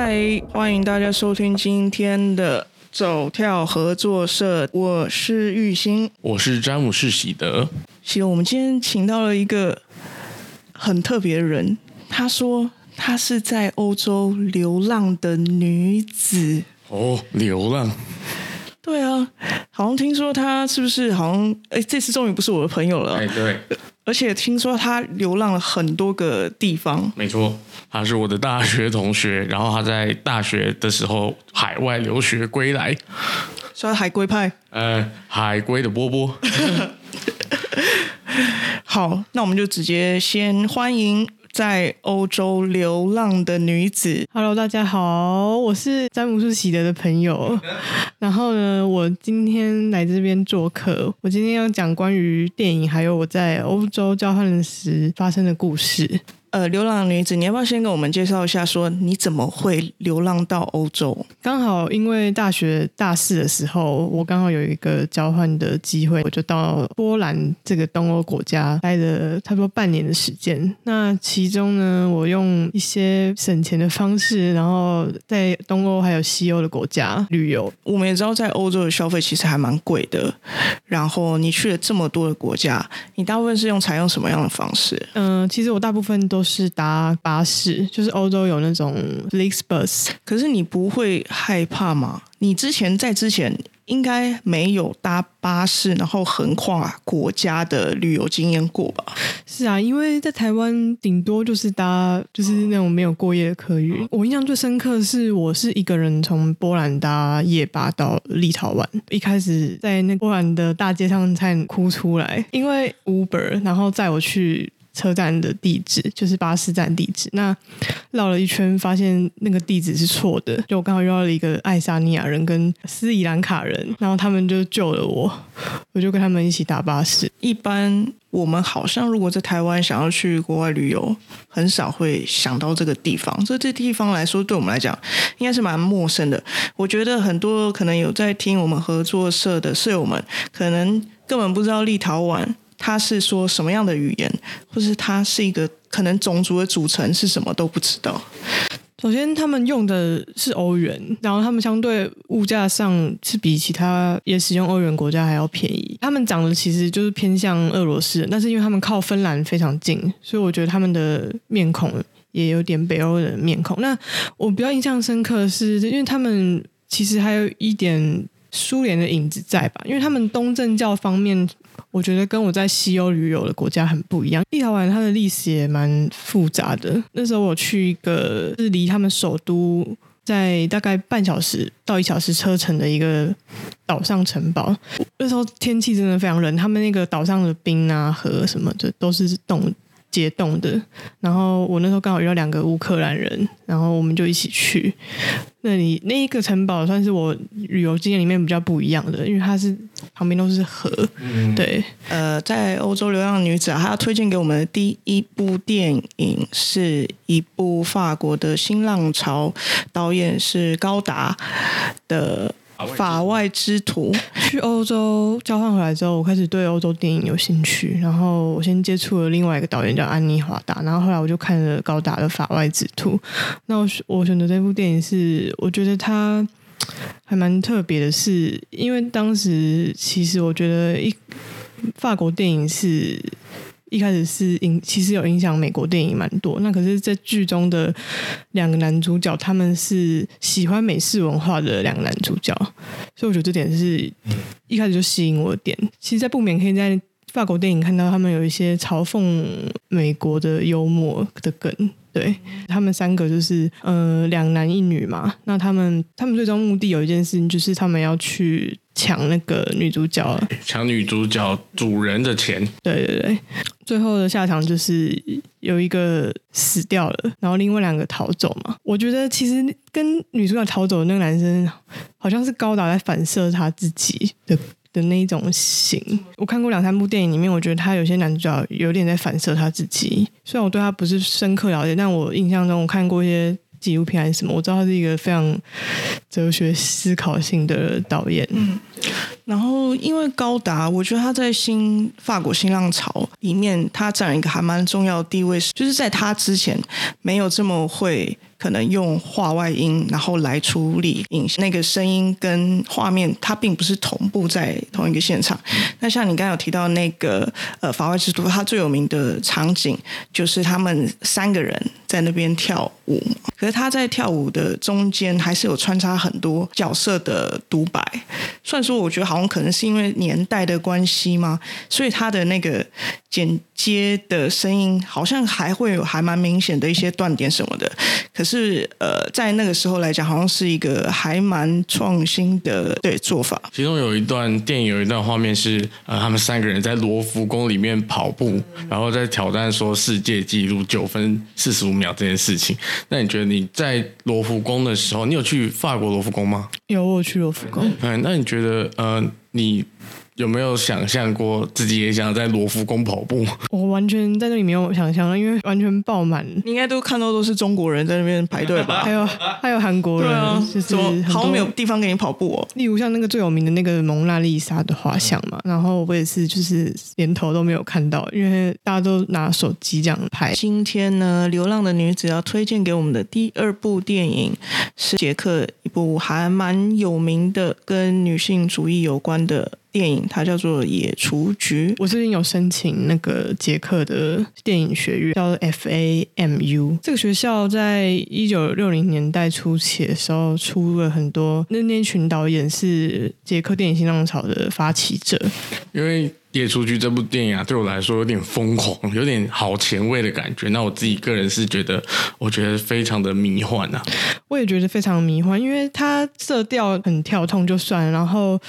嗨，歡迎大家收聽今天的走跳合作社。我是玉興，我是詹姆士喜德。喜德，我們今天請到了一個很特別的人。他說他是在歐洲流浪的女子。哦，流浪？對啊，好像聽說她是不是？好像哎，這次終於不是我的朋友了。哎，對。而且聽說他流浪了很多個地方。沒錯，他是我的大學同學，然後他在大學的時候海外留學歸來，說海歸派。呃，海歸的波波。 好，那我們就直接先歡迎。在歐洲流浪的女子。Hello，大家好，我是詹姆斯·喜德的朋友。然後呢，我今天來這邊做客。我今天要講關於電影，還有我在歐洲交換時發生的故事。呃，流浪女子，你要不要先跟我們介紹一下，說你怎麼會流浪到歐洲？剛好因為大學大四的時候，我剛好有一個交換的機會，我就到波蘭這個東歐國家待了差不多半年的時間。那其中呢，我用一些省錢的方式，然後在東歐還有西歐的國家旅遊。我們也知道，在歐洲的消費其實還蠻貴的。然後你去了這麼多的國家，你大部分是用採用什麼樣的方式？嗯、呃，其實我大部分都。都是搭巴士，就是歐洲有那種 FlixBus，可是你不會害怕嗎？你之前在之前應該沒有搭巴士然後橫跨國家的旅遊經驗過吧？是啊，因為在台灣頂多就是搭就是那種沒有過夜的客運，嗯。我印象最深刻的是我是一個人從波蘭搭夜巴到立陶宛，一開始在那波蘭的大街上才哭出來，因為 Uber，然後載我去車站的地址就是巴士站地址，那繞了一圈，發現那個地址是錯的。就我剛好遇到了一個愛沙尼亞人跟斯里蘭卡人，然後他們就救了我。我就跟他們一起打巴士。一般我們好像如果在台灣想要去國外旅遊，很少會想到這個地方。所以這地方來說，對我們來講應該是蠻陌生的。我覺得很多可能有在聽我們合作社的社友們，可能根本不知道立陶宛。他是說什麼樣的語言，或是他是一個可能種族的組成是什麼都不知道。首先，他們用的是歐元，然後他們相對物價上是比其他也使用歐元國家還要便宜。他們長得其實就是偏向俄羅斯人，但是因為他們靠芬蘭非常近，所以我覺得他們的面孔也有點北歐的面孔。那我比較印象深刻的是，是因為他們其實還有一點蘇聯的影子在吧？因為他們東正教方面。我覺得跟我在西歐旅遊的國家很不一樣。立陶宛它的歷史也蠻複雜的。那時候我去一個是離他們首都在大概半小時到一小時車程的一個島上城堡。那時候天氣真的非常冷，他們那個島上的冰啊、河什麼的都是凍解凍的，然後我那時候剛好遇到兩個烏克蘭人，然後我們就一起去那裡那一個城堡，算是我旅遊經驗裡面比較不一樣的，因為它是旁邊都是河。嗯，對，呃，在歐洲流浪的女子啊，她要推薦給我們的第一部電影是一部法國的新浪潮，導演是高達的，法外之徒。去歐洲交換回來之後，我開始對歐洲電影有興趣。然後我先接觸了另外一個導演叫安妮·華達。然後後來我就看了高達的《法外之徒》。那我選我選擇這部電影是，我覺得它還蠻特別的是，是因為當時其實我覺得一法國電影是。一開始是影，其實有影響美國電影蠻多。那可是，在劇中的兩個男主角，他們是喜歡美式文化的兩個男主角，所以我覺得這點是一開始就吸引我的點。其實，在不免可以在法國電影看到他們有一些嘲諷美國的幽默的梗。對，他們三個就是呃兩男一女嘛。那他們他們最終目的有一件事情，就是他們要去。搶那個女主角，搶女主角主人的錢。對對對，最後的下場就是有一個死掉了，然後另外兩個逃走嘛。我覺得其實跟女主角逃走的那個男生，好像是高達在反射他自己的的那一種型。我看過兩三部電影裡面，我覺得他有些男主角有點在反射他自己。雖然我對他不是深刻了解，但我印象中我看過一些。紀錄片還是什麼？我知道他是一個非常哲學思考性的導演。嗯，然後因為高達，我覺得他在新法國新浪潮裡面，他佔了一個還蠻重要的地位，就是在他之前沒有這麼會可能用畫外音，然後來處理影，那個聲音跟畫面，他並不是同步在同一個現場。那、嗯、像你剛才有提到那個呃法外之徒，他最有名的場景就是他們三個人。在那邊跳舞，可是他在跳舞的中間還是有穿插很多角色的獨白。雖然說我覺得好像可能是因為年代的關係嘛，所以他的那個剪接的聲音好像還會有還蠻明顯的一些斷點什麼的。可是呃，在那個時候來講，好像是一個還蠻創新的對做法。其中有一段電影，有一段畫面是呃，他們三個人在羅浮宮裡面跑步，嗯、然後在挑戰說世界紀錄九分四十五。這件事情，那你覺得你在羅浮宮的時候，你有去法國羅浮宮嗎？有，我有去羅浮宮。那你覺得呃，你？有沒有想象過自己也想在羅浮宮跑步？我完全在這裡沒有想象，因為完全爆滿，你應該都看到都是中國人在那邊排隊吧 還？還有還有韓國人，啊、就是、什麼好像沒有地方給你跑步哦。例如像那個最有名的那個蒙娜麗莎的畫像、嗯、嘛，然後我也是就是連頭都沒有看到，因為大家都拿手機這樣拍。今天呢，流浪的女子要推薦給我們的第二部電影是捷克一部還蠻有名的跟女性主義有關的。電影它叫做《野雛菊》，我最近有申請那個捷克的電影學院，叫 FAMU。這個學校在一九六零年代初期的時候出了很多，那那群導演是捷克電影新浪潮的發起者。因為《野雛菊》這部電影啊，對我來說有點瘋狂，有點好前衛的感覺。那我自己個人是覺得，我覺得非常的迷幻啊。我也覺得非常迷幻，因為它色調很跳動，就算，然後。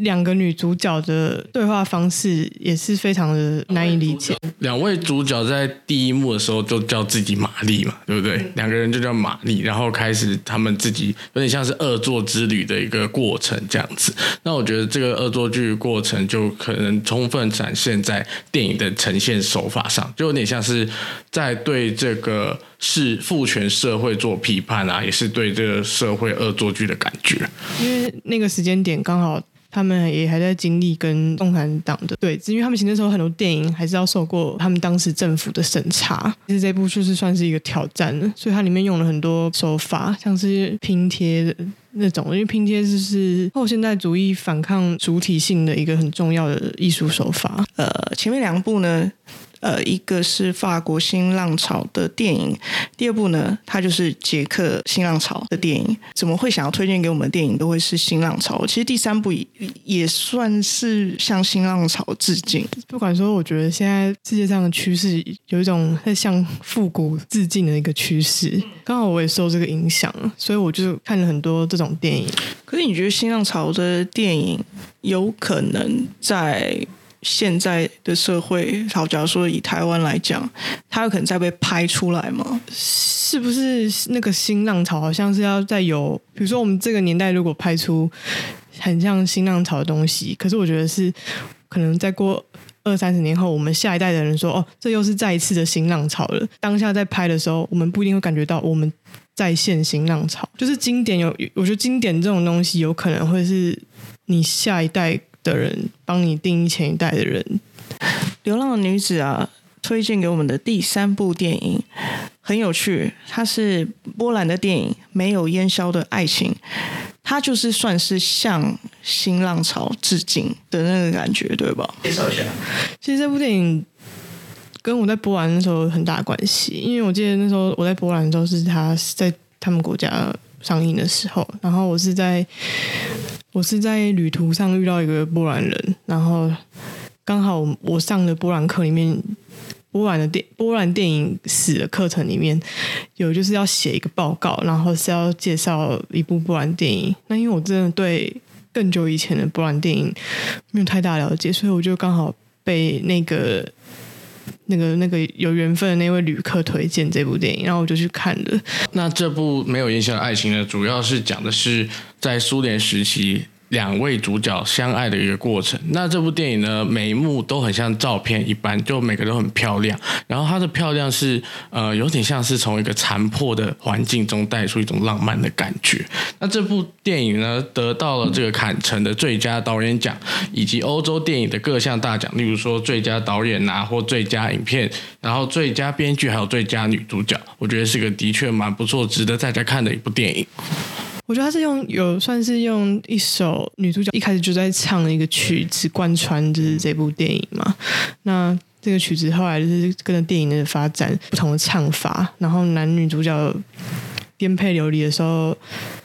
兩個女主角的對話方式也是非常的難以理解。兩位主角，兩位主角在第一幕的時候都叫自己瑪麗嘛，對不對？嗯。兩個人就叫瑪麗，然後開始他們自己有點像是惡作之旅的一個過程這樣子。那我覺得這個惡作劇過程就可能充分展現在電影的呈現手法上，就有點像是在對這個是父權社會做批判啊，也是對這個社會惡作劇的感覺。因為那個時間點剛好。他們也還在經歷跟共產黨的對峙，因為他們以前的時候很多電影還是要受過他們當時政府的審查。其實這部就是算是一個挑戰。所以它裡面用了很多手法，像是拼貼的那種，因為拼貼就是後現代主義反抗主體性的一個很重要的藝術手法。呃，前面兩部呢。呃，一個是法國新浪潮的電影，第二部呢，它就是捷克新浪潮的電影。怎麼會想要推薦給我們的電影，都會是新浪潮？其實第三部也也算是向新浪潮致敬。不管說，我覺得現在世界上的趨勢有一種在向復古致敬的一個趨勢。剛好我也受這個影響，所以我就看了很多這種電影。可是你覺得新浪潮的電影有可能在？現在的社會，好，假如說以台灣來講，它有可能再被拍出來嗎？是不是那個新浪潮好像是要再有？比如說，我們這個年代如果拍出很像新浪潮的東西，可是我覺得是可能再過二三十年後，我們下一代的人說：“哦，這又是再一次的新浪潮了。”當下在拍的時候，我們不一定會感覺到我們再現新浪潮。就是經典有，我覺得經典這種東西有可能會是你下一代的人幫你定義前一代的人，《流浪的女子》啊，推薦給我們的第三部電影很有趣，它是波蘭的電影，《沒有煙硝的愛情》，它就是算是向新浪潮致敬的那個感覺，對吧？介紹一下，其實這部電影跟我在波蘭的時候有很大關係，因為我記得那時候我在波蘭的時候是他在他們國家上映的時候，然後我是在。我是在旅途上遇到一個波蘭人，然後剛好我上的波蘭課裡面，波蘭的電，波蘭電影史的課程裡面有就是要寫一個報告，然後是要介紹一部波蘭電影。那因為我真的對更久以前的波蘭電影沒有太大了解，所以我就剛好被那個。那個那個有緣分的那位旅客推薦這部電影，然後我就去看了。那這部《沒有煙硝的愛情》呢，主要是講的是在蘇聯時期。兩位主角相愛的一個過程。那這部電影呢，每一幕都很像照片一般，就每個都很漂亮。然後它的漂亮是，呃，有點像是從一個殘破的環境中帶出一種浪漫的感覺。那這部電影呢，得到了這個坎城的最佳導演獎，以及歐洲電影的各項大獎，例如說最佳導演拿，啊，或最佳影片，然後最佳編劇，還有最佳女主角。我覺得是個的確蠻不錯，值得大家看的一部電影。我覺得他是用有算是用一首女主角一開始就在唱的一個曲子貫穿，就是這部電影嘛。那這個曲子後來就是跟着電影的發展不同的唱法，然後男女主角顛沛流離的時候，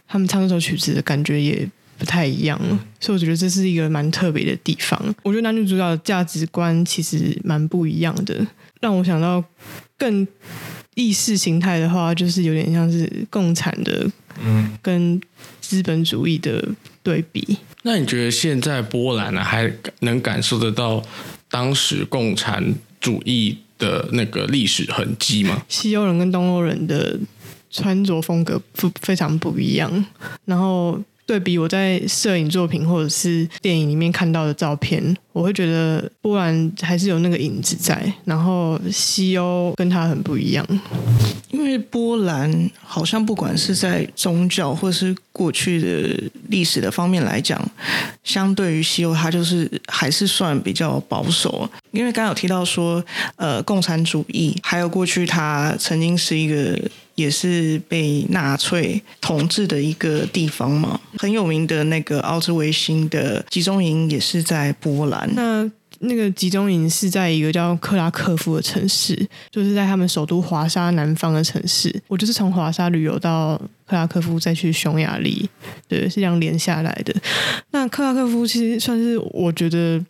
他們唱這首曲子的感覺也不太一樣。所以我覺得這是一個蠻特別的地方。我覺得男女主角的價值觀其實蠻不一樣的，讓我想到更。意識形態的話，就是有點像是共產的，嗯，跟資本主義的對比，嗯。那你覺得現在波蘭呢，啊，還能感受得到當時共產主義的那個歷史痕跡嗎？西歐人跟東歐人的穿着風格不非常不一樣，然後。對比我在攝影作品或者是電影裡面看到的照片，我會覺得波蘭還是有那個影子在，然後西歐跟它很不一樣。因為波蘭好像不管是在宗教或是過去的歷史的方面來講，相對於西歐，它就是還是算比較保守。因為剛剛有提到說，呃，共產主義，還有過去它曾經是一個也是被納粹統治的一個地方嘛，很有名的那個奧斯維辛的集中營也是在波蘭。那那個集中營是在一個叫克拉科夫的城市，就是在他們首都華沙南方的城市。我就是從華沙旅遊到克拉科夫，再去匈牙利，對，是這樣連下來的。那克拉科夫其實算是我覺得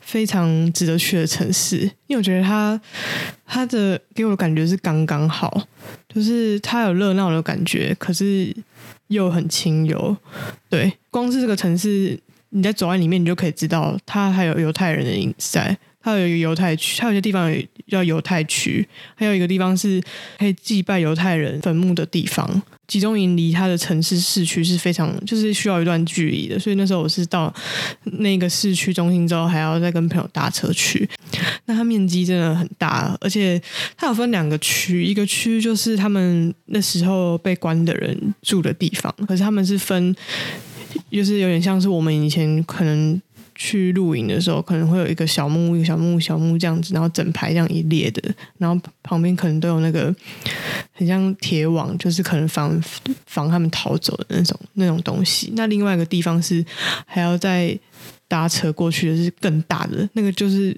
非常值得去的城市，因為我覺得它它的給我的感覺是剛剛好，就是它有熱鬧的感覺，可是又很清幽。對，光是這個城市。你在走在裡面，你就可以知道，它還有猶太人的影子在，它有一個猶太區，它有些地方叫猶太區，還有一個地方是可以祭拜猶太人墳墓的地方。集中營離它的城市市區是非常，就是需要一段距離的，所以那時候我是到那個市區中心之後，還要再跟朋友搭車去。那它面積真的很大，而且它有分兩個區，一個區就是他們那時候被關的人住的地方，可是他們是分。就是有點像是我們以前可能去露營的時候，可能會有一個小木屋、一個小木屋、小木屋這樣子，然後整排這樣一列的，然後旁邊可能都有那個很像鐵網，就是可能防防他們逃走的那種那種東西。那另外一個地方是還要再搭車過去的是更大的那個，就是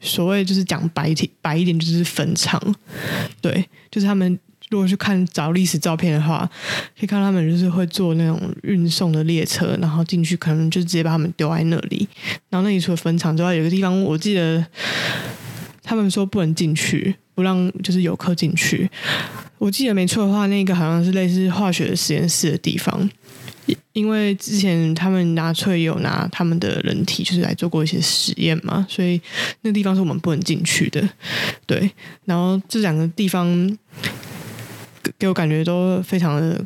所謂就是講白點，白一點就是墳場，對，就是他們。如果去看找歷史照片的話，可以看到他們就是會坐那種運送的列車，然後進去可能就直接把他們丟在那裡。然後那裡除了墳場之外，有個地方我記得他們說不能進去，不讓就是遊客進去。我記得沒錯的話，那個好像是類似化學的實驗室的地方，因為之前他們納粹有拿他們的人體就是來做過一些實驗嘛，所以那個地方是我們不能進去的。對，然後這兩個地方。給我感覺都非常的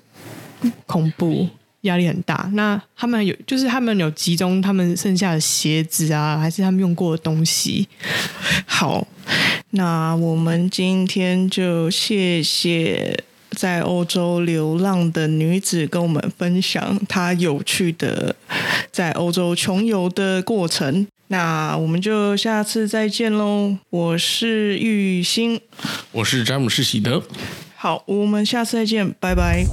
恐怖，壓力很大。那他們有，就是他們有集中他們剩下的鞋子啊，還是他們用過的東西。好，那我們今天就謝謝在歐洲流浪的女子，跟我們分享她有趣的在歐洲窮遊的過程。那我們就下次再見嘍！我是玉心，我是詹姆士喜德。好，我們下次再見，拜拜。